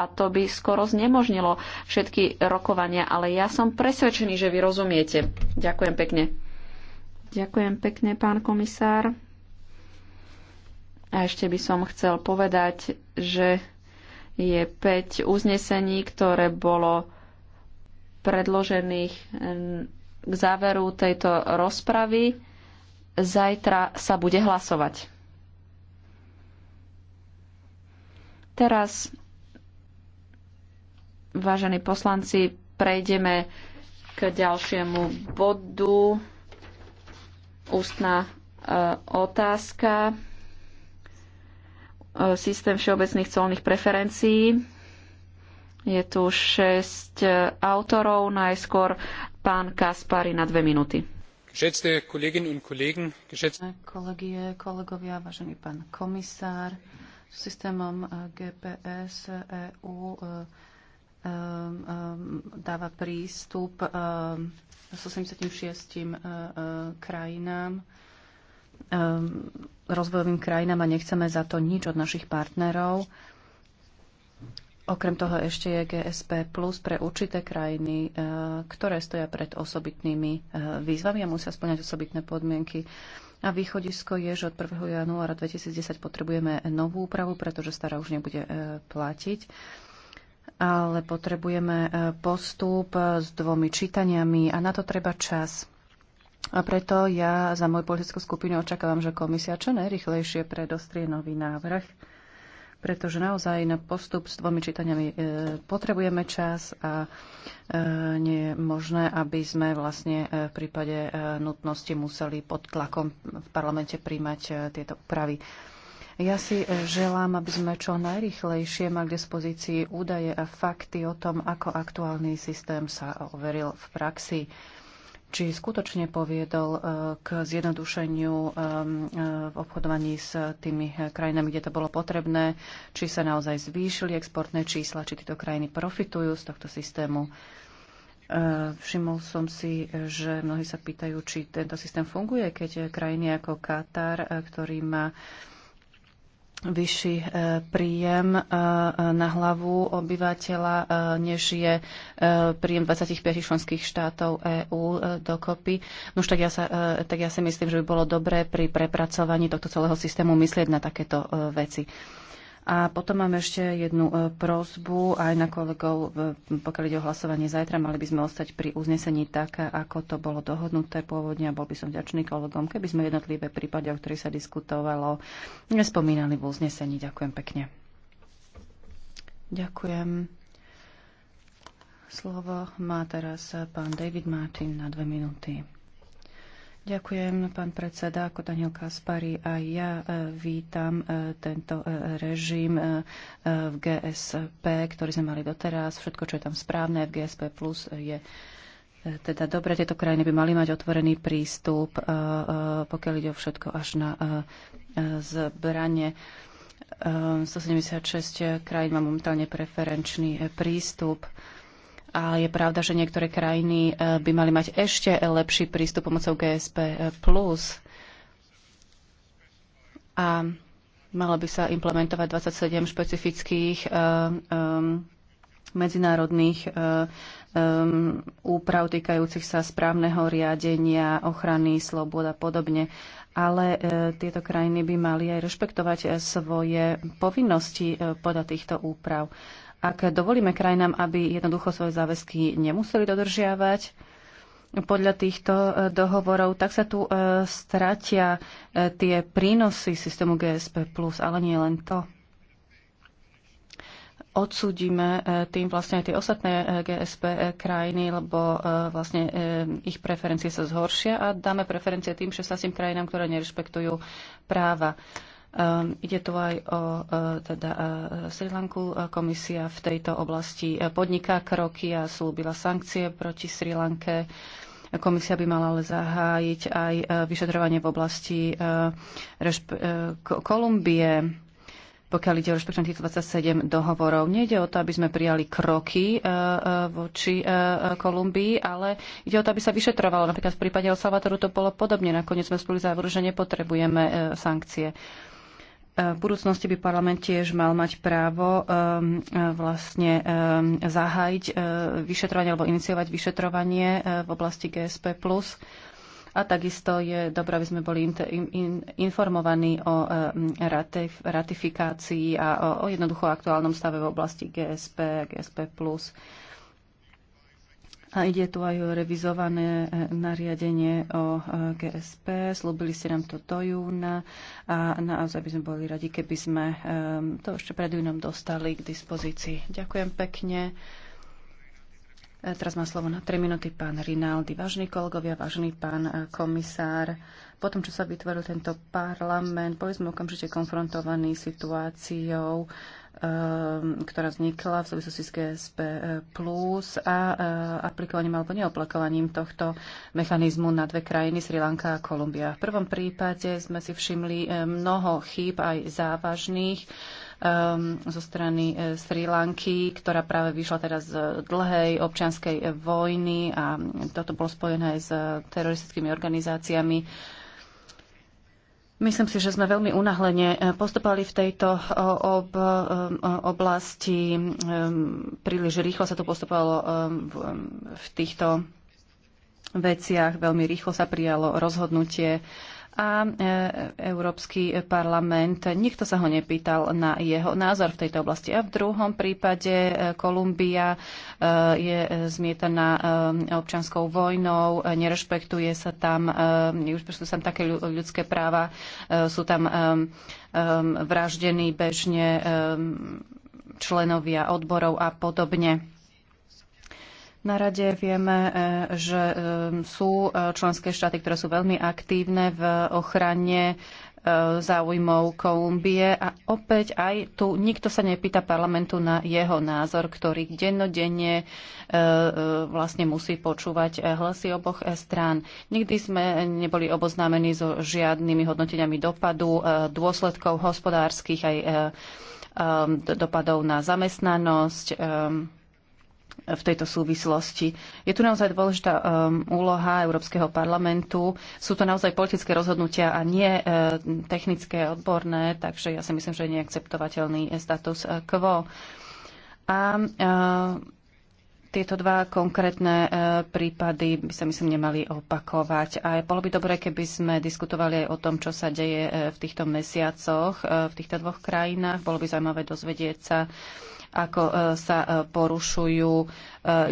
a to by skoro znemožnilo všetky rokovania, ale ja som presvedčený, že vy rozumiete. Ďakujem pekne. Ďakujem pekne, pán komisár. A ešte by som chcel povedať, že je 5 uznesení, ktoré bolo predložených mm, k záveru tejto rozpravy. Zajtra sa bude hlasovať. Teraz Vážení poslanci, prejdeme k ďalšiemu bodu. Ústna e, otázka. E, systém všeobecných colných preferencií. Je tu šesť e, autorov, najskôr pán Kaspari na dve minúty. Geschätzte Kolleginnen und Kollegen, geschätzte Kollegie, kolegovia, vážený pán komisár, systémom GPS EU Ehm, ehm, dáva prístup 86 ehm, e, e, krajinám, rozvojovým krajinám a nechceme za to nič od našich partnerov. Okrem toho ešte je GSP plus pre určité krajiny, e, ktoré stoja pred osobitnými výzvami a musia splňať osobitné podmienky. A východisko je, že od 1. januára 2010 potrebujeme novú úpravu, pretože stará už nebude platiť ale potrebujeme e, postup s dvomi čítaniami a na to treba čas. A preto ja za moju politickú skupinu očakávam, že komisia čo najrychlejšie predostrie nový návrh, pretože naozaj na postup s dvomi čítaniami e, potrebujeme čas a e, nie je možné, aby sme vlastne e, v prípade e, nutnosti museli pod tlakom v parlamente príjmať e, tieto úpravy. E, ja si e, želám, aby sme čo najrychlejšie mali k dispozícii údaje a fakty o tom, ako aktuálny systém sa overil v praxi či skutočne poviedol e, k zjednodušeniu e, v obchodovaní s tými krajinami, kde to bolo potrebné, či sa naozaj zvýšili exportné čísla, či tieto krajiny profitujú z tohto systému. Všimol som si, že mnohí sa pýtajú, či tento systém funguje, keď krajiny ako Katar, ktorý má vyšší e, príjem e, na hlavu obyvateľa, e, než je príjem 25 členských štátov EÚ dokopy. No tak ja, sa, tak ja si myslím, že by bolo dobré pri prepracovaní tohto celého systému myslieť na takéto veci. A potom mám ešte jednu e, prozbu aj na kolegov, e, pokiaľ ide o hlasovanie zajtra, mali by sme ostať pri uznesení tak, ako to bolo dohodnuté pôvodne a bol by som vďačný kolegom, keby sme jednotlivé prípady, o ktorých sa diskutovalo, nespomínali v uznesení. Ďakujem pekne. Ďakujem. Slovo má teraz pán David Martin na dve minúty. Ďakujem, pán predseda. Ako Daniel Kaspari a ja e, vítam e, tento e, režim v GSP, ktorý sme mali doteraz. Všetko, čo je tam správne v GSP+, plus je teda dobre, tieto krajiny by mali mať otvorený prístup, pokiaľ ide o všetko až na zbranie. 176 krajín má momentálne preferenčný prístup. A je pravda, že niektoré krajiny e, by mali mať ešte lepší prístup pomocou GSP+. E, a malo by sa implementovať 27 špecifických e, medzinárodných úprav týkajúcich sa správneho riadenia, ochrany, slobod a podobne. Ale tieto krajiny by mali aj rešpektovať svoje povinnosti podľa týchto úprav. Ak dovolíme krajinám, aby jednoducho svoje záväzky nemuseli dodržiavať, podľa týchto e, dohovorov, tak sa tu e, stratia e, tie prínosy systému GSP+, ale nie len to. Odsúdime tým vlastne aj tie ostatné GSP krajiny, lebo vlastne ich preferencie sa zhoršia a dáme preferencie tým 16 krajinám, ktoré nerešpektujú práva. Ehm, ide tu aj o e, teda e, Sri Lanku. E, komisia v tejto oblasti podniká kroky a slúbila sankcie proti Sri Lanke. Komisia by mala ale zahájiť aj vyšetrovanie v oblasti Kolumbie, pokiaľ ide o rešpektovanie týchto 27 dohovorov. Nejde o to, aby sme prijali kroky voči Kolumbii, ale ide o to, aby sa vyšetrovalo. Napríklad v prípade El Salvadoru to bolo podobne. Nakoniec sme spolu závoru, že nepotrebujeme sankcie. V budúcnosti by parlament tiež mal mať právo um, uh, vlastne um, zahájiť uh, vyšetrovanie alebo iniciovať vyšetrovanie uh, v oblasti GSP+. A takisto je dobré, aby sme boli informovaní o um, ratifikácii a o jednoducho aktuálnom stave v oblasti GSP, GSP+. A ide tu aj o revizované e, nariadenie o e, GSP. Slúbili ste nám to do júna a naozaj by sme boli radi, keby sme e, to ešte pred júnom dostali k dispozícii. Ďakujem pekne. Teraz má slovo na 3 minúty pán Rinaldi. Vážení kolegovia, vážený pán komisár, po tom, čo sa vytvoril tento parlament, boli sme okamžite konfrontovaní situáciou, Ehm, ktorá vznikla v súvislosti s GSP eh, plus a eh, aplikovaním alebo neoplakovaním tohto mechanizmu na dve krajiny, Sri Lanka a Kolumbia. V prvom prípade sme si všimli eh, mnoho chýb aj závažných ehm, zo strany Sri Lanky, ktorá práve vyšla teraz z dlhej občianskej vojny a toto bolo spojené aj s teroristickými organizáciami Myslím si, že sme veľmi unahlene e, postupali v tejto e, ob, e, oblasti. Príliš rýchlo sa to postupovalo v týchto veciach. Veľmi rýchlo sa prijalo rozhodnutie a e, Európsky parlament, nikto sa ho nepýtal na jeho názor v tejto oblasti. A v druhom prípade e, Kolumbia e, je zmietaná občanskou vojnou, nerešpektuje sa tam, už sú tam také ľudské práva, sú tam vraždení bežne členovia odborov a podobne. Na rade vieme, e, že e, sú e, členské štáty, ktoré sú veľmi aktívne v ochrane záujmov Kolumbie a opäť aj tu nikto sa nepýta parlamentu na jeho názor, ktorý dennodenne vlastne musí počúvať hlasy oboch strán. Nikdy sme neboli oboznámení so žiadnymi hodnoteniami dopadu, dôsledkov hospodárskych aj dopadov na zamestnanosť, v tejto súvislosti. Je tu naozaj dôležitá um, úloha Európskeho parlamentu. Sú to naozaj politické rozhodnutia a nie e, technické, odborné, takže ja si myslím, že je neakceptovateľný status uh, quo. A e, tieto dva konkrétne e, prípady by sa myslím nemali opakovať. A bolo by dobré, keby sme diskutovali aj o tom, čo sa deje v týchto mesiacoch v týchto dvoch krajinách. Bolo by zaujímavé dozvedieť sa, ako e, sa e, porušujú e,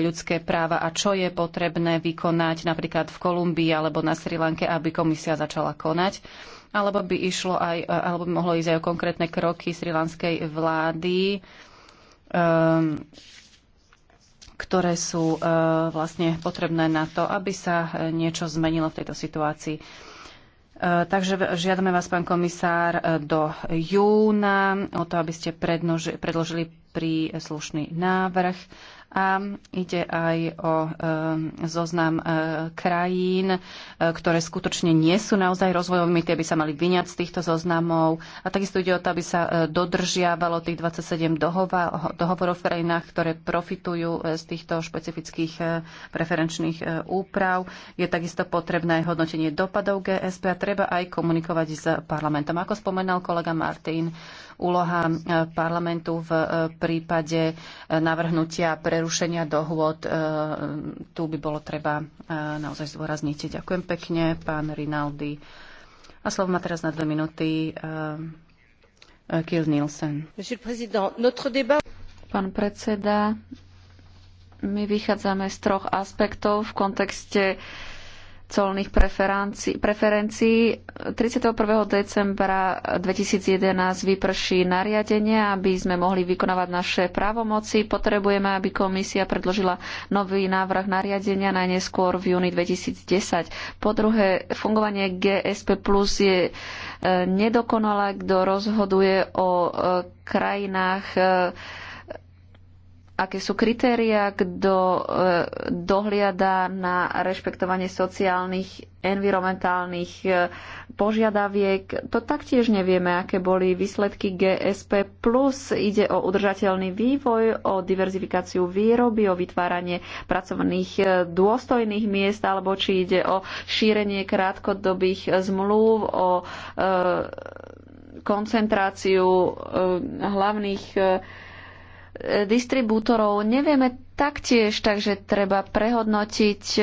ľudské práva a čo je potrebné vykonať napríklad v Kolumbii alebo na Sri Lanke, aby komisia začala konať alebo by, išlo aj, alebo by mohlo ísť aj o konkrétne kroky srilanskej vlády, ehm, ktoré sú vlastne potrebné na to, aby sa niečo zmenilo v tejto situácii. takže žiadame vás, pán komisár, do júna o to, aby ste predložili pri e, slušný návrh a ide aj o e, zoznam e, krajín, e, ktoré skutočne nie sú naozaj rozvojovými, tie by sa mali vyňať z týchto zoznamov. A takisto ide o to, aby sa dodržiavalo tých 27 dohovorov v krajinách, ktoré profitujú z týchto špecifických preferenčných úprav. Je takisto potrebné hodnotenie dopadov GSP a treba aj komunikovať s parlamentom. Ako spomenal kolega Martin, úloha parlamentu v prípade navrhnutia pre prerušenia dohôd. E, tu by bolo treba e, naozaj zdôrazniť. Ďakujem pekne, pán Rinaldi. A slovo má teraz na dve minúty e, Kiel Nielsen. Pán predseda, my vychádzame z troch aspektov v kontexte colných preferencií. 31. decembra 2011 vyprší nariadenie, aby sme mohli vykonávať naše právomoci. Potrebujeme, aby komisia predložila nový návrh nariadenia najneskôr v júni 2010. Po druhé, fungovanie GSP Plus je e, nedokonalé, kto rozhoduje o e, krajinách e, aké sú kritéria, kto e, dohliada na rešpektovanie sociálnych, environmentálnych e, požiadaviek. To taktiež nevieme, aké boli výsledky GSP+. plus Ide o udržateľný vývoj, o diverzifikáciu výroby, o vytváranie pracovných e, dôstojných miest, alebo či ide o šírenie krátkodobých zmluv, o koncentráciu hlavných distribútorov nevieme taktiež, takže treba prehodnotiť e,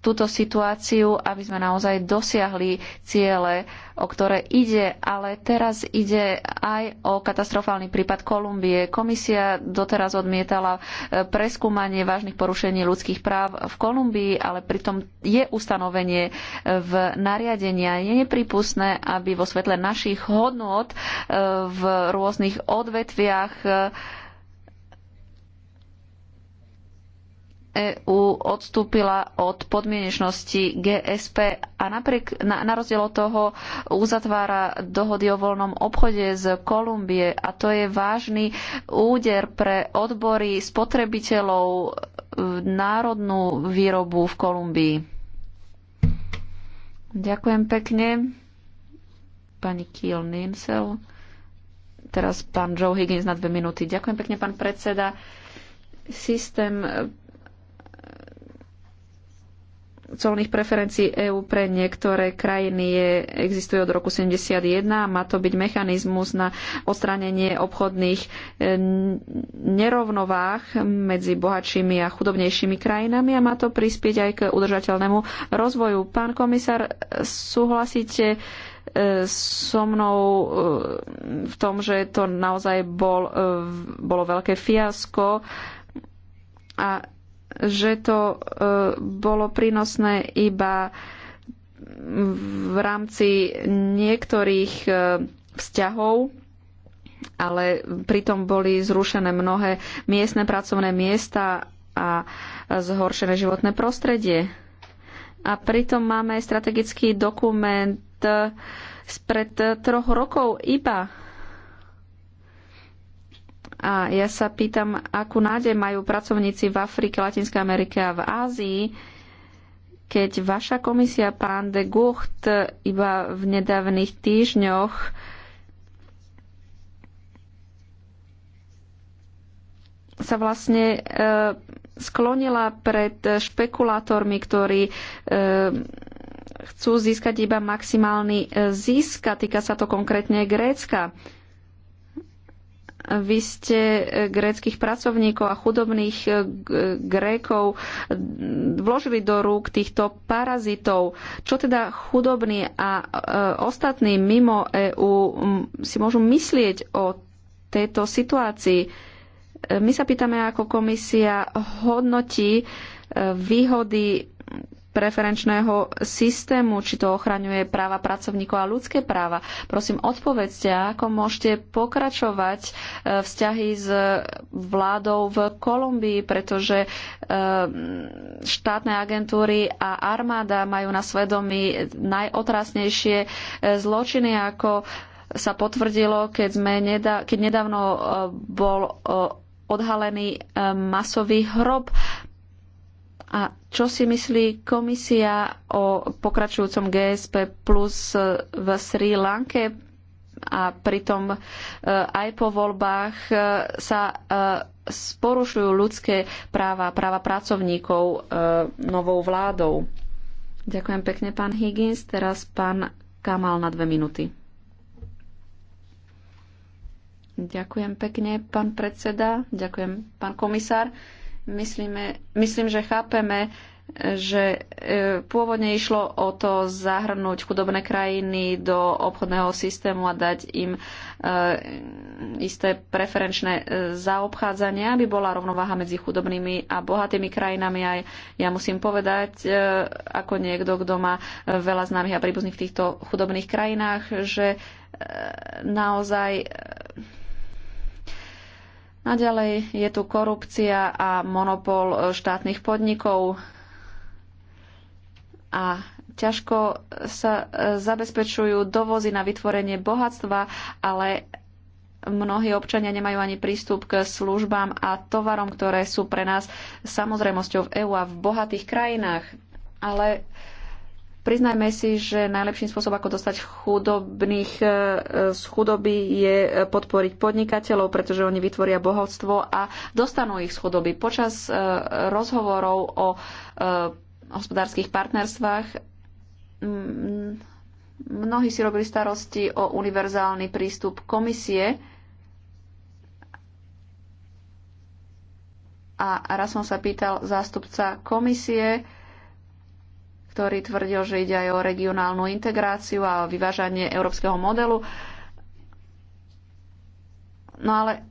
túto situáciu, aby sme naozaj dosiahli ciele, o ktoré ide. Ale teraz ide aj o katastrofálny prípad Kolumbie. Komisia doteraz odmietala e, preskúmanie vážnych porušení ľudských práv v Kolumbii, ale pritom je ustanovenie e, v nariadenia. Je nepripustné, aby vo svetle našich hodnot v rôznych odvetviach EÚ odstúpila od podmienečnosti GSP a napriek, na, na rozdiel od toho uzatvára dohody o voľnom obchode z Kolumbie a to je vážny úder pre odbory spotrebiteľov e, národnú výrobu v Kolumbii. Ďakujem pekne. Pani Kiel Ninsel. Teraz pán Joe Higgins na dve minúty. Ďakujem pekne, pán predseda. Systém colných preferencií EÚ pre niektoré krajiny je, existuje od roku 71 a má to byť mechanizmus na odstránenie obchodných e, nerovnovách medzi bohatšími a chudobnejšími krajinami a má to prispieť aj k udržateľnému rozvoju. Pán komisár, súhlasíte e, so mnou e, v tom, že to naozaj bol, bolo veľké fiasko a že to e, bolo prínosné iba v rámci niektorých e, vzťahov, ale pritom boli zrušené mnohé miestne pracovné miesta a zhoršené životné prostredie. A pritom máme strategický dokument spred e, troch rokov iba a ja sa pýtam, akú nádej majú pracovníci v Afrike, Latinskej Amerike a v Ázii, keď vaša komisia, pán de Gucht, iba v nedávnych týždňoch sa vlastne e, sklonila pred špekulátormi, ktorí e, chcú získať iba maximálny e, zisk a týka sa to konkrétne Grécka. E, vy ste e, gréckých pracovníkov a chudobných e, e, Grékov vložili do rúk týchto parazitov. Čo teda chudobní a ostatní mimo EÚ si môžu myslieť o tejto situácii? My sa pýtame, ako komisia hodnotí výhody preferenčného systému, či to ochraňuje práva pracovníkov a ľudské práva. Prosím, odpovedzte, ako môžete pokračovať e, vzťahy s vládou v Kolumbii, pretože e, štátne agentúry a armáda majú na svedomí najotrasnejšie e, zločiny, ako sa potvrdilo, keď, sme nedá, keď nedávno bol odhalený masový hrob a čo si myslí komisia o pokračujúcom GSP plus eh, v Sri Lanke a pritom eh, aj po voľbách eh, sa sporušujú ľudské práva, práva pracovníkov novou vládou? Ďakujem pekne, pán Higgins. Teraz pán Kamal na dve minúty. Ďakujem pekne, pán predseda. Ďakujem, pán komisár. Myslíme, myslím, že chápeme, že e, pôvodne išlo o to zahrnúť chudobné krajiny do obchodného systému a dať im e, isté preferenčné e, zaobchádzanie, aby bola rovnováha medzi chudobnými a bohatými krajinami. Aj ja musím povedať, ako niekto, kto má veľa známych a príbuzných v týchto chudobných krajinách, že naozaj Naďalej je tu korupcia a monopol e, štátnych podnikov a ťažko sa e, zabezpečujú dovozy na vytvorenie bohatstva, ale mnohí občania nemajú ani prístup k službám a tovarom, ktoré sú pre nás samozrejmosťou v EÚ a v bohatých krajinách. Ale Priznajme si, že najlepším spôsobom, ako dostať chudobných e, z chudoby, je podporiť podnikateľov, pretože oni vytvoria bohatstvo a dostanú ich z chudoby. Počas e, rozhovorov o e, hospodárskych partnerstvách mnohí si robili starosti o univerzálny prístup komisie, a raz som sa pýtal zástupca komisie, ktorý tvrdil, že ide aj o regionálnu integráciu a o vyvážanie európskeho modelu. No ale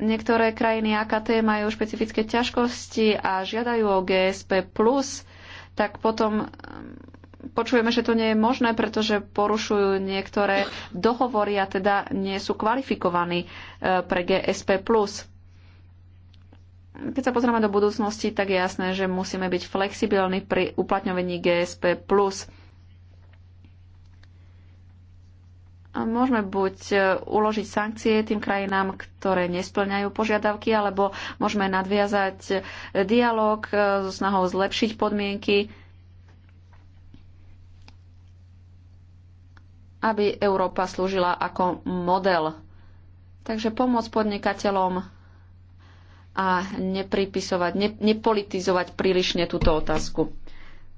niektoré krajiny AKT majú špecifické ťažkosti a žiadajú o GSP+, tak potom um, počujeme, že to nie je možné, pretože porušujú niektoré dohovory a teda nie sú kvalifikovaní uh, pre GSP+ keď sa pozrieme do budúcnosti, tak je jasné, že musíme byť flexibilní pri uplatňovaní GSP+. A môžeme buď e, uložiť sankcie tým krajinám, ktoré nesplňajú požiadavky, alebo môžeme nadviazať e, dialog e, so snahou zlepšiť podmienky, aby Európa slúžila ako model. Takže pomoc podnikateľom a nepripisovať, ne, nepolitizovať prílišne túto otázku.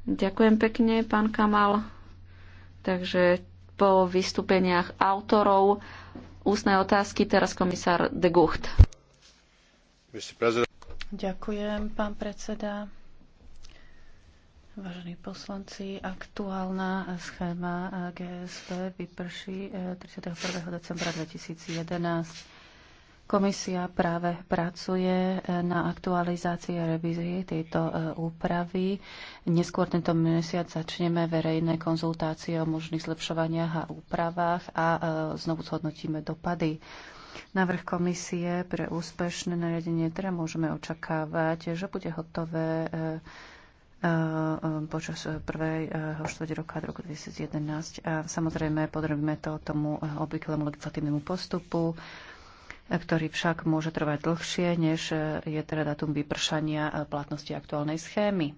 Ďakujem pekne, pán Kamal. Takže po vystúpeniach autorov ústnej otázky teraz komisár de Gucht. Ďakujem, pán predseda. Vážení poslanci, aktuálna schéma GSP vyprší 31. Eh, decembra 2011. Komisia práve pracuje eh, na aktualizácii a revízii tejto eh, úpravy. Neskôr tento mesiac začneme verejné konzultácie o možných zlepšovaniach a úpravách a eh, znovu zhodnotíme dopady. Návrh komisie pre úspešné nariadenie teda môžeme očakávať, že bude hotové počas prvého štvrť roka roku 2011. A samozrejme, podrobíme to tomu obvyklému legislatívnemu postupu ktorý však môže trvať dlhšie, než je teda datum vypršania platnosti aktuálnej schémy.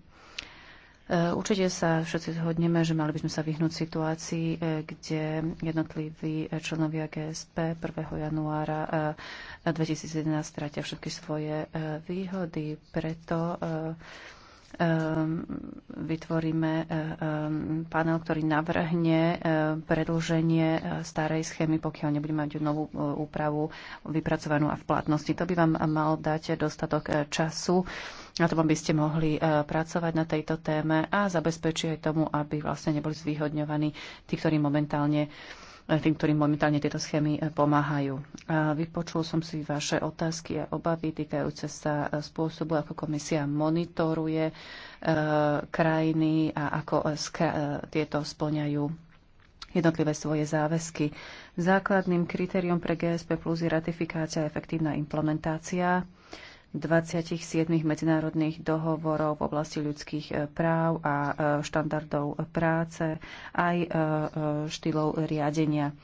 E, určite sa všetci zhodneme, že mali by sme sa vyhnúť situácii, e, kde jednotliví členovia GSP 1. januára 2011 e, stratia všetky svoje výhody. Preto Ehm, vytvoríme ehm, panel, ktorý navrhne ehm, predlženie e, starej schémy, pokiaľ nebude mať novú e, úpravu vypracovanú a v platnosti. To by vám mal dať dostatok e, času na tom, aby ste mohli pracovať na tejto téme a zabezpečiť aj tomu, aby vlastne neboli zvýhodňovaní tí, ktorí momentálne tým, ktorým momentálne tieto schémy e, pomáhajú. Vypočul som si vaše otázky a obavy týkajúce sa e, spôsobu, ako komisia monitoruje e, krajiny a ako tieto splňajú jednotlivé svoje záväzky. Základným kritériom pre GSP Plus je ratifikácia a efektívna implementácia. 27 medzinárodných dohovorov v oblasti ľudských eh, práv a eh, štandardov práce aj eh, štýlov riadenia.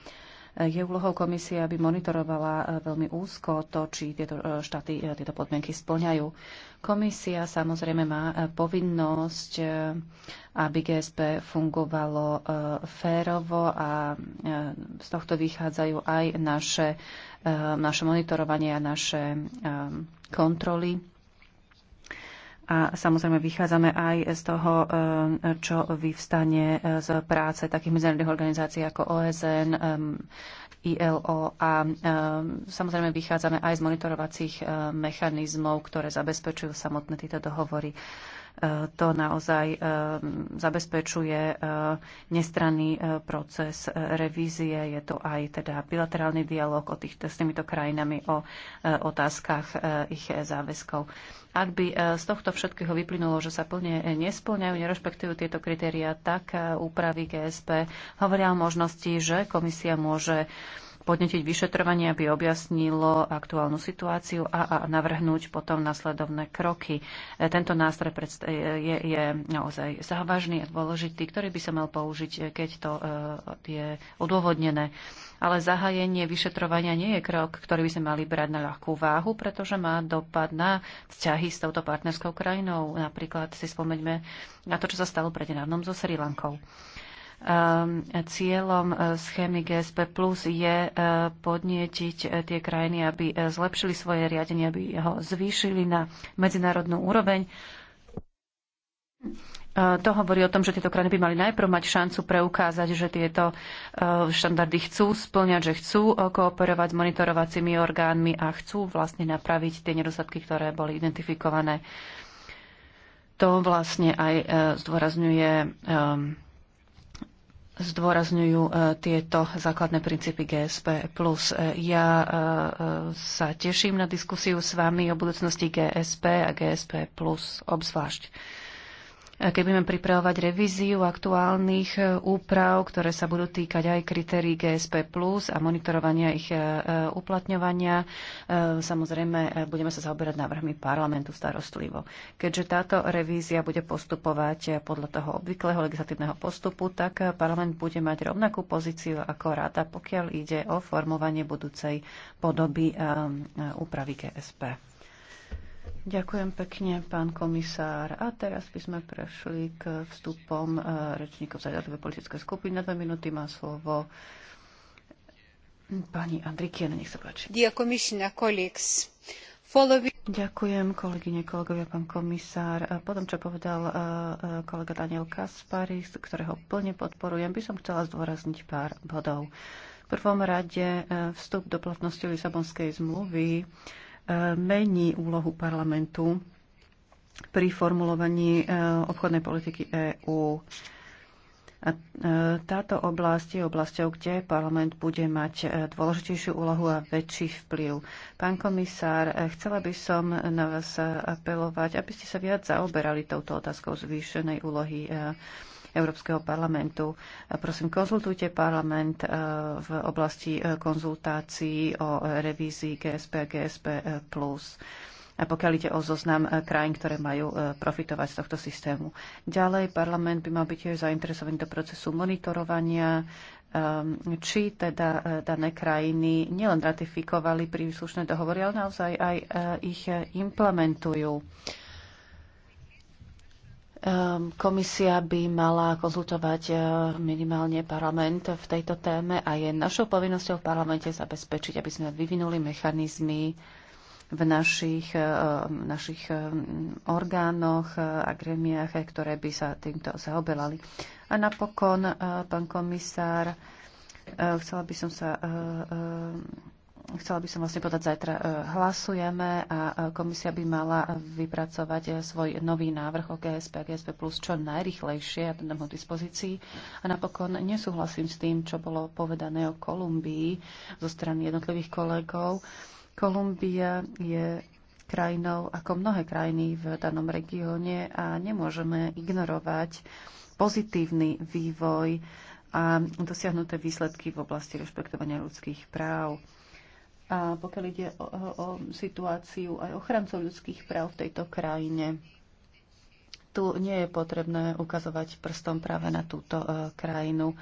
Je úlohou komisie, aby monitorovala eh, veľmi úzko to, či tieto eh, štáty eh, tieto podmienky splňajú. Komisia samozrejme má povinnosť, aby GSP fungovalo férovo a z tohto vychádzajú aj naše, naše monitorovanie a naše kontroly a samozrejme vychádzame aj z toho, eh, čo vyvstane eh, z práce takých medzinárodných organizácií ako OSN, eh, ILO a samozrejme vychádzame aj z monitorovacích mechanizmov, ktoré zabezpečujú samotné tieto dohovory. E, to naozaj e, zabezpečuje e, nestranný proces revízie. Je to aj teda bilaterálny dialog o tých, s týmito krajinami o otázkach ich záväzkov. Ak by z tohto všetkého vyplynulo, že sa plne nesplňajú, nerešpektujú tieto kritéria, tak úpravy GSP hovoria o možnosti, že komisia môže podnetiť vyšetrovanie, aby objasnilo aktuálnu situáciu a, a navrhnúť potom následovné kroky. E, tento nástroj e, je, je naozaj závažný a dôležitý, ktorý by sa mal použiť, e, keď to je odôvodnené. Ale zahájenie vyšetrovania nie je krok, ktorý by sme mali brať na ľahkú váhu, pretože má dopad na vzťahy s touto partnerskou krajinou. Napríklad si spomeňme na to, čo sa stalo pred nedávnom so Sri Lankou. Ehm, cieľom e, schémy GSP Plus je e, podnietiť e, tie krajiny, aby zlepšili svoje riadenie, aby ho zvýšili na medzinárodnú úroveň. To hovorí o tom, že tieto krajiny by mali najprv mať šancu preukázať, že tieto štandardy chcú splňať, že chcú kooperovať s monitorovacími orgánmi a chcú vlastne napraviť tie nedostatky, ktoré boli identifikované. To vlastne aj zdôrazňuje ehm, zdôrazňujú e, tieto základné princípy GSP+. E, ja e, sa teším na diskusiu s vami o budúcnosti GSP a GSP+, obzvlášť keď budeme pripravovať revíziu aktuálnych e, úprav, ktoré sa budú týkať aj kritérií GSP plus a monitorovania ich e, e, uplatňovania. Samozrejme, budeme sa zaoberať návrhmi parlamentu starostlivo. Keďže táto revízia bude postupovať podľa toho obvyklého legislatívneho postupu, tak parlament bude mať rovnakú pozíciu ako rada, pokiaľ ide o formovanie budúcej podoby úpravy GSP. Ďakujem pekne, pán komisár. A teraz by sme prešli k vstupom eh, rečníkov za jednotlivé politické skupiny. Na dve minúty má slovo pani Andrikiene, nech sa páči. Ďakujem, kolegyne, kolegovia, pán komisár. Po tom, čo povedal eh, eh, kolega Daniel z ktorého plne podporujem, by som chcela zdôrazniť pár bodov. V prvom rade vstup do platnosti Lisabonskej zmluvy E, mení úlohu parlamentu pri formulovaní e, obchodnej politiky EÚ. A e, táto oblasť je oblasťou, kde parlament bude mať dôležitejšiu úlohu a väčší vplyv. Pán komisár, chcela by som na vás apelovať, aby ste sa viac zaoberali touto otázkou zvýšenej úlohy parlamentu Európskeho parlamentu. Prosím, konzultujte parlament e, v oblasti e, konzultácií o revízii GSP, GSP+. E, A pokiaľ ide o zoznam krajín, ktoré majú profitovať z tohto systému. Ďalej parlament by mal byť tiež zainteresovaný do procesu monitorovania, či teda dané krajiny nielen ratifikovali príslušné dohovory, ale naozaj aj ich implementujú. Ehm, komisia by mala konzultovať eh, minimálne parlament v tejto téme a je našou povinnosťou v parlamente zabezpečiť, aby sme vyvinuli mechanizmy v našich, eh, našich eh, orgánoch a gremiách, ktoré by sa týmto zaoberali. A napokon, pán komisár, chcela by som sa chcela by som vlastne povedať, zajtra e, hlasujeme a e, komisia by mala vypracovať e, svoj nový návrh o GSP a GSP plus čo najrychlejšie a dám ho dispozícii. A napokon nesúhlasím s tým, čo bolo povedané o Kolumbii zo strany jednotlivých kolegov. Kolumbia je krajinou ako mnohé krajiny v danom regióne a nemôžeme ignorovať pozitívny vývoj a dosiahnuté výsledky v oblasti rešpektovania ľudských práv a pokiaľ ide o, o situáciu aj ochrancov ľudských práv v tejto krajine. Tu nie je potrebné ukazovať prstom práve na túto uh, krajinu.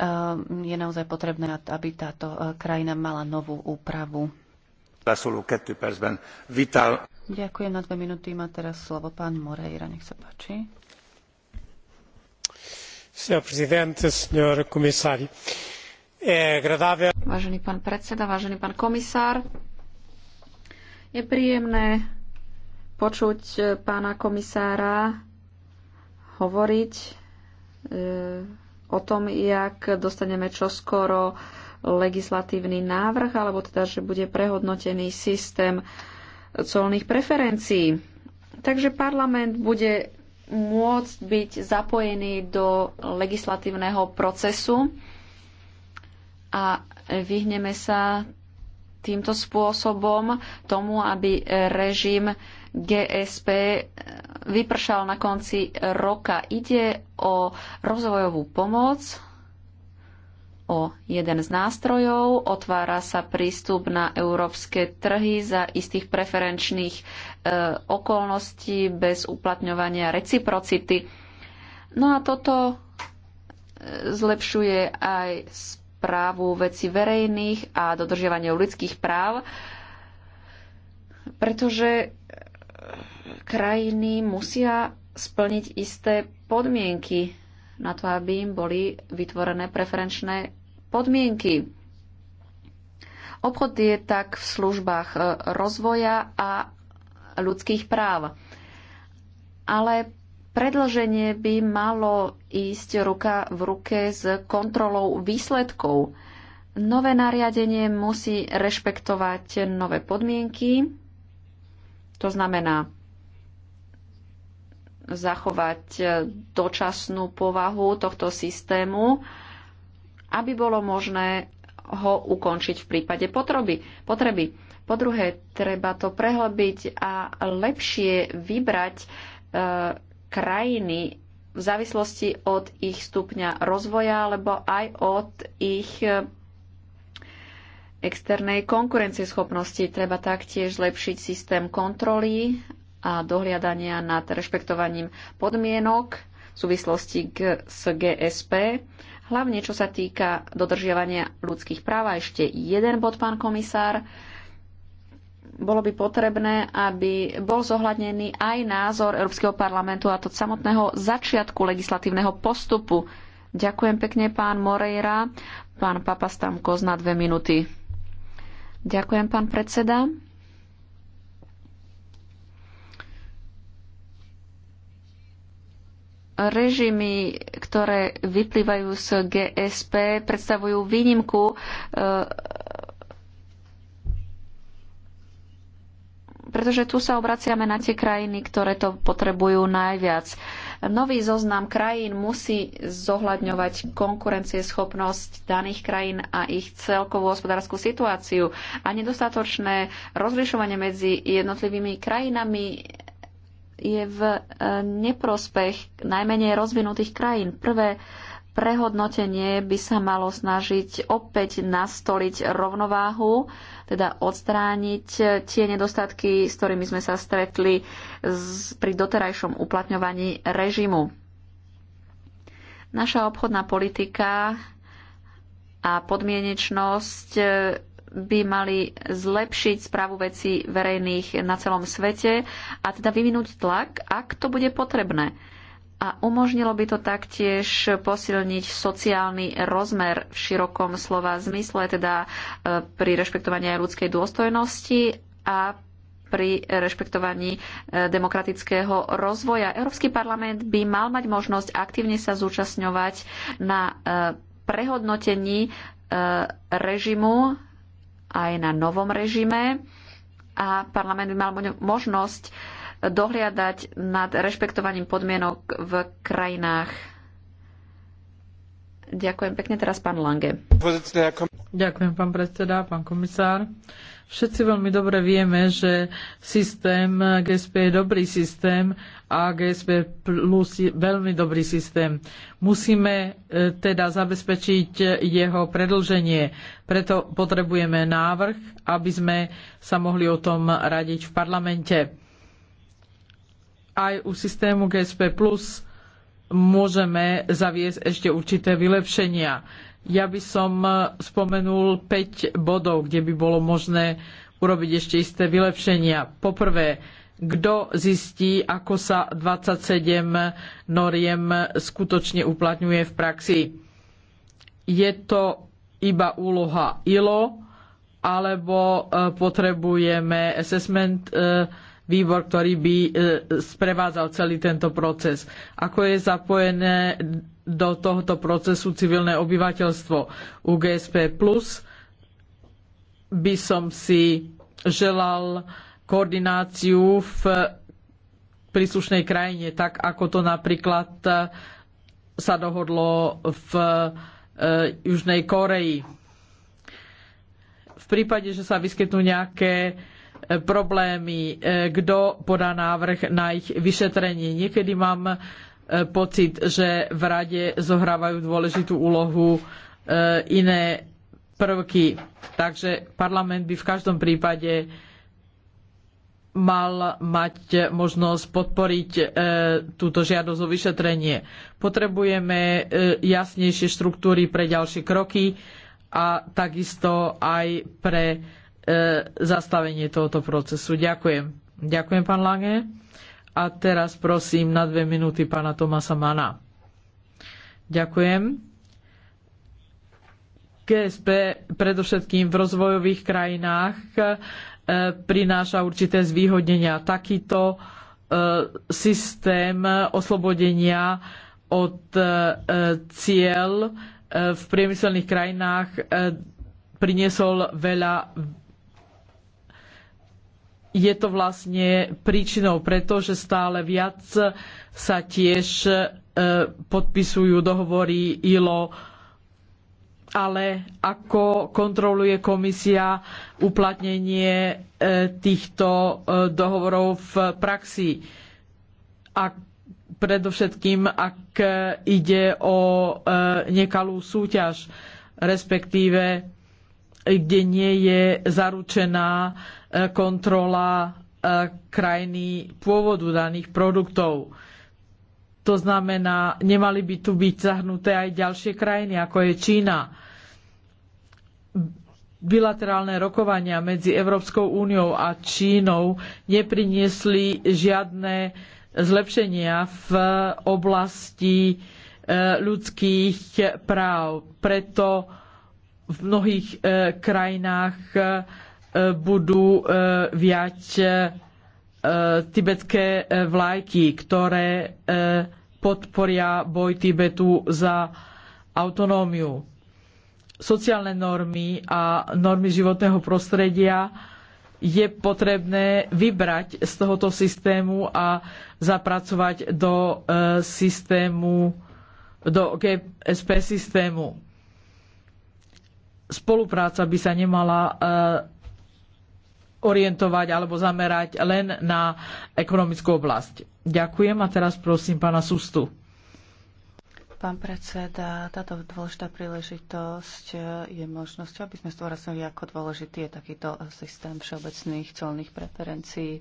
Uh, je naozaj potrebné, aby táto uh, krajina mala novú úpravu. Ďakujem na dve minúty. Má teraz slovo pán Moreira. Nech sa páči presidente, Vážený pán predseda, vážený pán komisár, je príjemné počuť e, pána komisára hovoriť e, o tom, jak dostaneme čoskoro legislatívny návrh, alebo teda, že bude prehodnotený systém colných preferencií. Takže parlament bude môcť byť zapojený do legislatívneho procesu a vyhneme sa týmto spôsobom tomu, aby režim GSP vypršal na konci roka. Ide o rozvojovú pomoc o jeden z nástrojov. Otvára sa prístup na európske trhy za istých preferenčných e, okolností bez uplatňovania reciprocity. No a toto e, zlepšuje aj správu veci verejných a dodržiavanie ľudských práv, pretože e, krajiny musia splniť isté podmienky na to, aby im boli vytvorené preferenčné podmienky. Obchod je tak v službách e, rozvoja a ľudských práv. Ale predlženie by malo ísť ruka v ruke s kontrolou výsledkov. Nové nariadenie musí rešpektovať nové podmienky, to znamená zachovať e, dočasnú povahu tohto systému, aby bolo možné ho ukončiť v prípade potreby. potreby. Po druhé, treba to prehlbiť a lepšie vybrať e, krajiny v závislosti od ich stupňa rozvoja alebo aj od ich e, externej konkurencieschopnosti. Treba taktiež zlepšiť systém kontroly a dohliadania nad rešpektovaním podmienok v súvislosti k, s GSP, hlavne čo sa týka dodržiavania ľudských práv. A ešte jeden bod, pán komisár. Bolo by potrebné, aby bol zohľadnený aj názor Európskeho parlamentu a to od samotného začiatku legislatívneho postupu. Ďakujem pekne, pán Moreira. Pán Papastamko na dve minúty. Ďakujem, pán predseda. režimy, ktoré vyplývajú z GSP, predstavujú výnimku eh, pretože tu sa obraciame na tie krajiny, ktoré to potrebujú najviac. Nový zoznam krajín musí zohľadňovať konkurencieschopnosť daných krajín a ich celkovú hospodárskú situáciu a nedostatočné rozlišovanie medzi jednotlivými krajinami je v e, neprospech najmenej rozvinutých krajín. Prvé prehodnotenie by sa malo snažiť opäť nastoliť rovnováhu, teda odstrániť tie nedostatky, s ktorými sme sa stretli pri doterajšom uplatňovaní režimu. Naša obchodná politika a podmienečnosť by mali zlepšiť správu veci verejných na celom svete a teda vyvinúť tlak, ak to bude potrebné. A umožnilo by to taktiež posilniť sociálny rozmer v širokom slova zmysle, teda e, pri rešpektovaní aj ľudskej dôstojnosti a pri rešpektovaní e, demokratického rozvoja. Európsky parlament by mal mať možnosť aktívne sa zúčastňovať na e, prehodnotení režimu aj na novom režime a parlament by mal možnosť dohliadať nad rešpektovaním podmienok v krajinách. Ďakujem pekne teraz pán Lange. Ďakujem pán predseda, pán komisár. Všetci veľmi dobre vieme, že systém GSP je dobrý systém a GSP Plus je veľmi dobrý systém. Musíme e, teda zabezpečiť jeho predlženie. Preto potrebujeme návrh, aby sme sa mohli o tom radiť v parlamente. Aj u systému GSP Plus môžeme zaviesť ešte určité vylepšenia ja by som e, spomenul 5 bodov, kde by bolo možné urobiť ešte isté vylepšenia. Poprvé, kto zistí, ako sa 27 noriem skutočne uplatňuje v praxi. Je to iba úloha ILO, alebo e, potrebujeme assessment e, výbor, ktorý by e, sprevádzal celý tento proces. Ako je zapojené do tohoto procesu civilné obyvateľstvo UGSP+, by som si želal koordináciu v príslušnej krajine, tak ako to napríklad e, sa dohodlo v e, Južnej Koreji. V prípade, že sa vyskytnú nejaké Eh, problémy, eh, kdo podá návrh na ich vyšetrenie. Niekedy mám eh, pocit, že v rade zohrávajú dôležitú úlohu iné prvky. Takže parlament by v každom prípade mal mať možnosť podporiť túto žiadosť o vyšetrenie. Potrebujeme jasnejšie štruktúry pre ďalšie kroky a takisto aj pre E, zastavenie tohoto procesu. Ďakujem. Ďakujem, pán Lange. A teraz prosím na dve minúty pána Tomasa Mana. Ďakujem. GSP predovšetkým v rozvojových krajinách e, prináša určité zvýhodnenia. Takýto e, systém oslobodenia od cieľ v priemyselných krajinách priniesol veľa je to vlastne príčinou, že stále viac sa tiež e, podpisujú dohovory ILO, ale ako kontroluje komisia uplatnenie e, týchto e, dohovorov v praxi. A predovšetkým, ak ide o nekalú súťaž, respektíve kde nie je zaručená e, kontrola e, krajiny pôvodu daných produktov. To znamená, nemali by tu byť zahnuté aj ďalšie krajiny, ako je Čína. Bilaterálne rokovania medzi Európskou úniou a Čínou nepriniesli žiadne zlepšenia v oblasti e, ľudských práv. Preto v mnohých e, krajinách e, e, budú viať tibetské vlajky, ktoré podporia boj Tibetu za autonómiu. Sociálne normy a normy životného prostredia je potrebné vybrať z tohoto systému a zapracovať do systému, do GSP systému spolupráca by sa nemala eh, orientovať alebo zamerať len na ekonomickú oblasť. Ďakujem a teraz prosím pána Sustu. Pán predseda, táto dôležitá príležitosť eh, je možnosť, aby sme zdôraznili, ako dôležitý je takýto eh, systém všeobecných colných preferencií.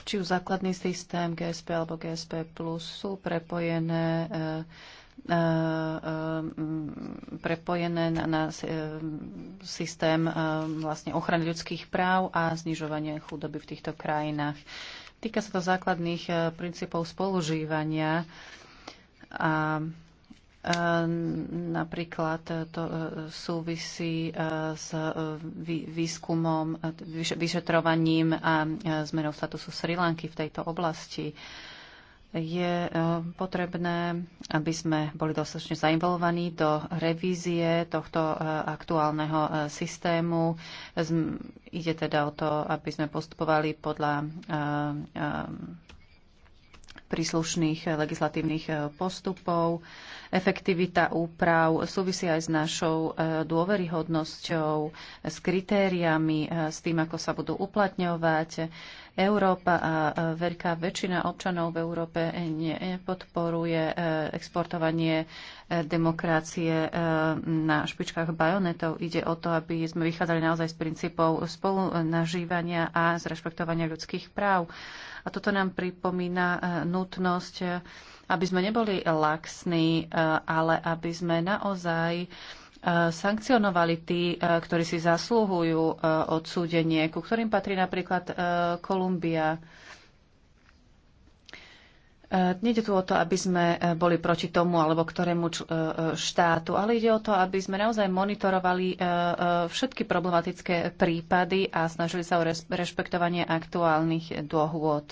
Či už základný systém GSP alebo GSP Plus sú prepojené e, E, e, prepojené na, na e, systém vlastne ochrany ľudských práv a znižovanie chudoby v týchto krajinách. Týka sa to základných princípov spolužívania a Napríklad to súvisí s výskumom, vyšetrovaním a zmenou statusu Sri Lanky v tejto oblasti je eh, potrebné, aby sme boli dostatočne zainvolovaní do revízie tohto eh, aktuálneho eh, systému. Ide teda o to, aby sme postupovali podľa príslušných eh, legislatívnych eh, postupov. Efektivita úprav súvisí aj s našou eh, dôveryhodnosťou, s kritériami, s tým, ako sa budú uplatňovať. Európa a veľká väčšina občanov v Európe nepodporuje exportovanie demokracie na špičkách bajonetov. Ide o to, aby sme vychádzali naozaj z princípov spolunažívania a z rešpektovania ľudských práv. A toto nám pripomína e, nutnosť, e, aby sme neboli laxní, e, ale aby sme naozaj sankcionovali tí, ktorí si zaslúhujú odsúdenie, ku ktorým patrí napríklad Kolumbia, Ehm, Nede tu o to, aby sme ehm, boli proti tomu alebo ktorému e, e, štátu, ale ide o to, aby sme naozaj monitorovali e, všetky problematické prípady a snažili sa o rešpektovanie aktuálnych dôhôd.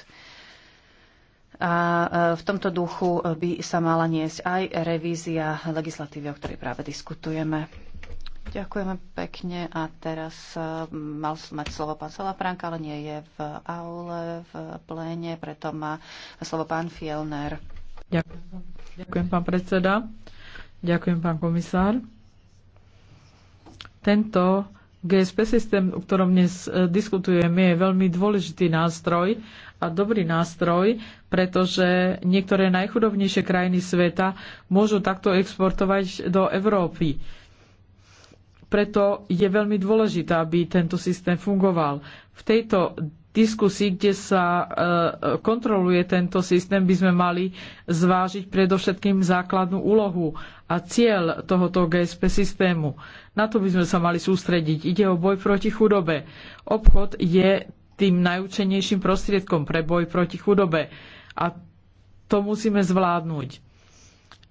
A v tomto duchu by sa mala niesť aj revízia legislatívy, o ktorej práve diskutujeme. Ďakujeme pekne a teraz e, mal mať slovo pán Salafranka, ale nie je v aule, v pléne, preto má slovo pán Fielner. Ďakujem, Ďakujem pán predseda. Ďakujem, pán komisár. Tento GSP systém, o ktorom dnes e, diskutujeme, je veľmi dôležitý nástroj a dobrý nástroj, pretože niektoré najchudobnejšie krajiny sveta môžu takto exportovať do Európy. Preto je veľmi dôležité, aby tento systém fungoval. V tejto diskusii, kde sa e, kontroluje tento systém, by sme mali zvážiť predovšetkým základnú úlohu a cieľ tohoto GSP systému. Na to by sme sa mali sústrediť. Ide o boj proti chudobe. Obchod je tým najúčenejším prostriedkom pre boj proti chudobe. A to musíme zvládnuť.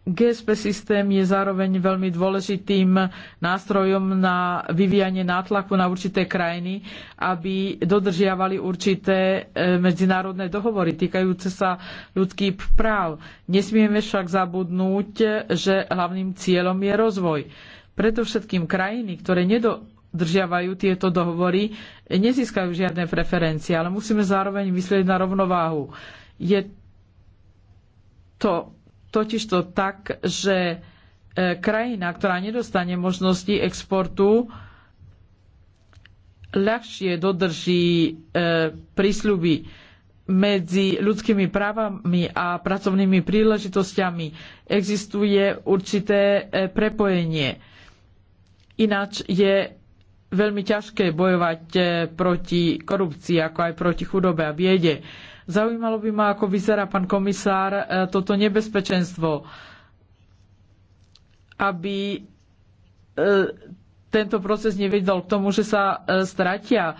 GSP systém je zároveň veľmi dôležitým nástrojom na vyvíjanie nátlaku na určité krajiny, aby dodržiavali určité e, medzinárodné dohovory týkajúce sa ľudských práv. Nesmieme však zabudnúť, že hlavným cieľom je rozvoj. Predovšetkým krajiny, ktoré nedodržiavajú tieto dohovory, nezískajú žiadne preferencie, ale musíme zároveň myslieť na rovnováhu. Je to totižto tak, že e, krajina, ktorá nedostane možnosti exportu, ľahšie dodrží e, prísľuby medzi ľudskými právami a pracovnými príležitosťami existuje určité e, prepojenie. Ináč je veľmi ťažké bojovať proti korupcii, ako aj proti chudobe a biede. Zaujímalo by ma, ako vyzerá pán komisár e, toto nebezpečenstvo, aby e, tento proces nevedol k tomu, že sa e, stratia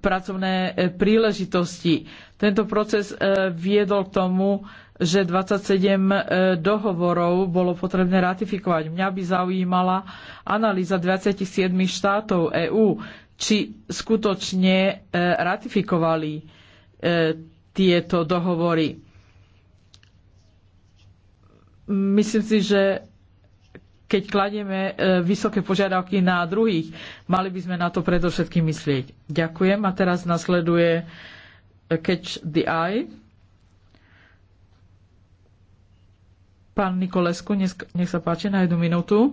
pracovné príležitosti. Tento proces viedol k tomu, že 27 dohovorov bolo potrebné ratifikovať. Mňa by zaujímala analýza 27 štátov EÚ, či skutočne ratifikovali tieto dohovory. Myslím si, že keď kladieme e, vysoké požiadavky na druhých, mali by sme na to predovšetkým myslieť. Ďakujem a teraz nasleduje e, Catch the Eye. Pán Nikolesku, nech sa páči na jednu minútu.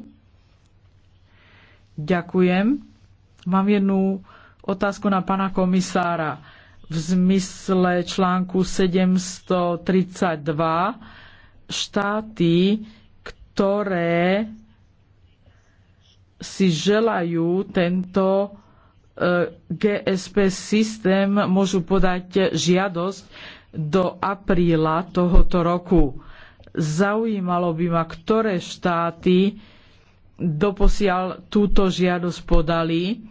Ďakujem. Mám jednu otázku na pána komisára v zmysle článku 732 štáty, ktoré si želajú tento e, GSP systém, môžu podať žiadosť do apríla tohoto roku. Zaujímalo by ma, ktoré štáty doposiaľ túto žiadosť podali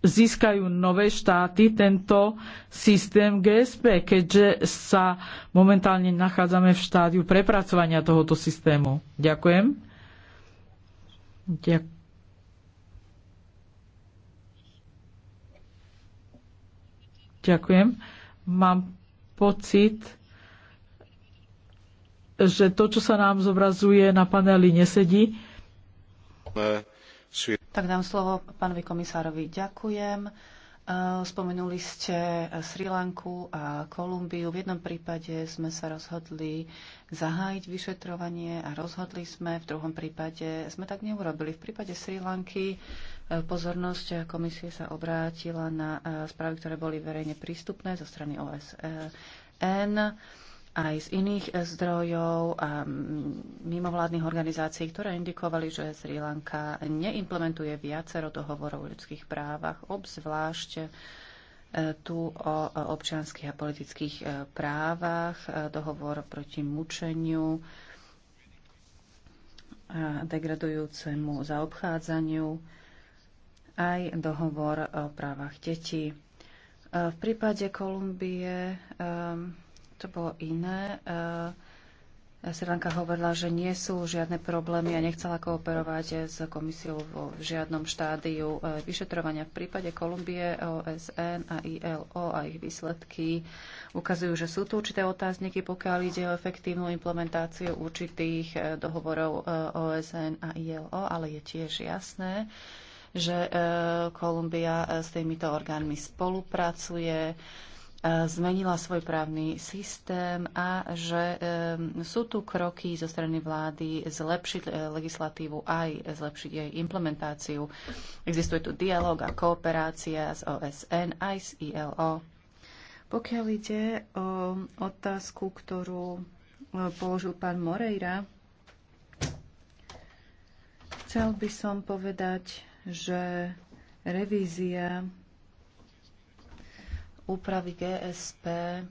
získajú nové štáty tento systém GSP, keďže sa momentálne nachádzame v štádiu prepracovania tohoto systému. Ďakujem. Ďakujem. Ďakujem. Mám pocit, že to, čo sa nám zobrazuje na paneli, nesedí. Tak dám slovo pánovi komisárovi. Ďakujem. E, spomenuli ste Sri Lanku a Kolumbiu. V jednom prípade sme sa rozhodli zahájiť vyšetrovanie a rozhodli sme, v druhom prípade sme tak neurobili. V prípade Sri Lanky e, pozornosť komisie sa obrátila na e, správy, ktoré boli verejne prístupné zo strany OSN aj z iných eh, zdrojov a mimovládnych organizácií, ktoré indikovali, že Sri Lanka neimplementuje viacero dohovorov o ľudských právach, obzvlášť eh, tu o občianských a politických eh, právach, dohovor proti mučeniu, a degradujúcemu zaobchádzaniu, aj dohovor o právach detí. V prípade Kolumbie to bolo iné. E, Sri Lanka hovorila, že nie sú žiadne problémy a nechcela kooperovať s komisiou vo žiadnom štádiu e, vyšetrovania. V prípade Kolumbie, OSN a ILO a ich výsledky ukazujú, že sú tu určité otázniky, pokiaľ ide o efektívnu implementáciu určitých e, dohovorov OSN a ILO, ale je tiež jasné, že Kolumbia s týmito orgánmi spolupracuje Eh, zmenila svoj právny systém a že eh, sú tu kroky zo strany vlády zlepšiť eh, legislatívu aj zlepšiť jej implementáciu. Existuje tu dialog a kooperácia s OSN aj s ILO. Pokiaľ ide o otázku, ktorú položil pán Moreira, chcel by som povedať, že revízia úpravy GSP e,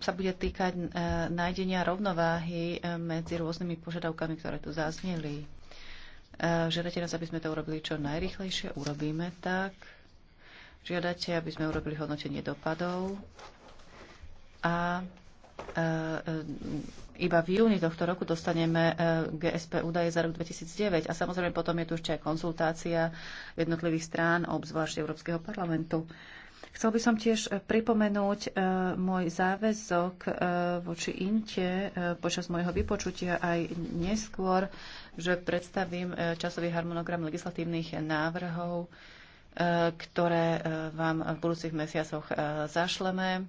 sa bude týkať e, nájdenia rovnováhy e, medzi rôznymi požiadavkami, ktoré tu zazneli. Žiadate nás, aby sme to urobili čo najrychlejšie, urobíme tak. Žiadate, aby sme urobili hodnotenie dopadov a E, e, iba v júni tohto roku dostaneme e, GSP údaje za rok 2009 a samozrejme potom je tu ešte aj konzultácia jednotlivých strán, obzvlášť Európskeho parlamentu. Chcel by som tiež pripomenúť môj záväzok voči Inte počas môjho vypočutia aj neskôr, že predstavím časový harmonogram legislatívnych návrhov, ktoré vám v budúcich mesiacoch zašleme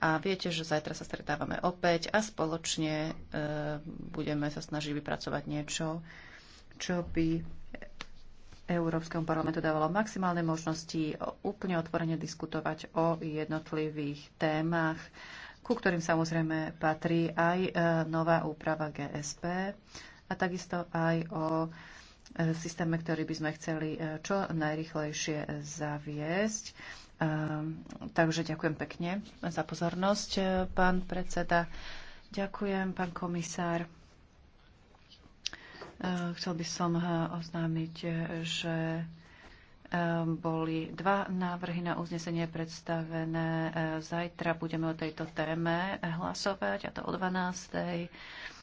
a viete, že zajtra sa stretávame opäť a spoločne e, budeme sa snažiť vypracovať niečo, čo by Európskom parlamentu dávalo maximálne možnosti úplne otvorene diskutovať o jednotlivých témach, ku ktorým samozrejme patrí aj e, nová úprava GSP a takisto aj o e, systéme, ktorý by sme chceli e, čo najrychlejšie zaviesť Ehm, takže ďakujem pekne za pozornosť, e, pán predseda. Ďakujem, pán komisár. Ehm, chcel by som e, oznámiť, e, že ehm, boli dva návrhy na uznesenie predstavené. Zajtra budeme o tejto téme hlasovať, a to o 12.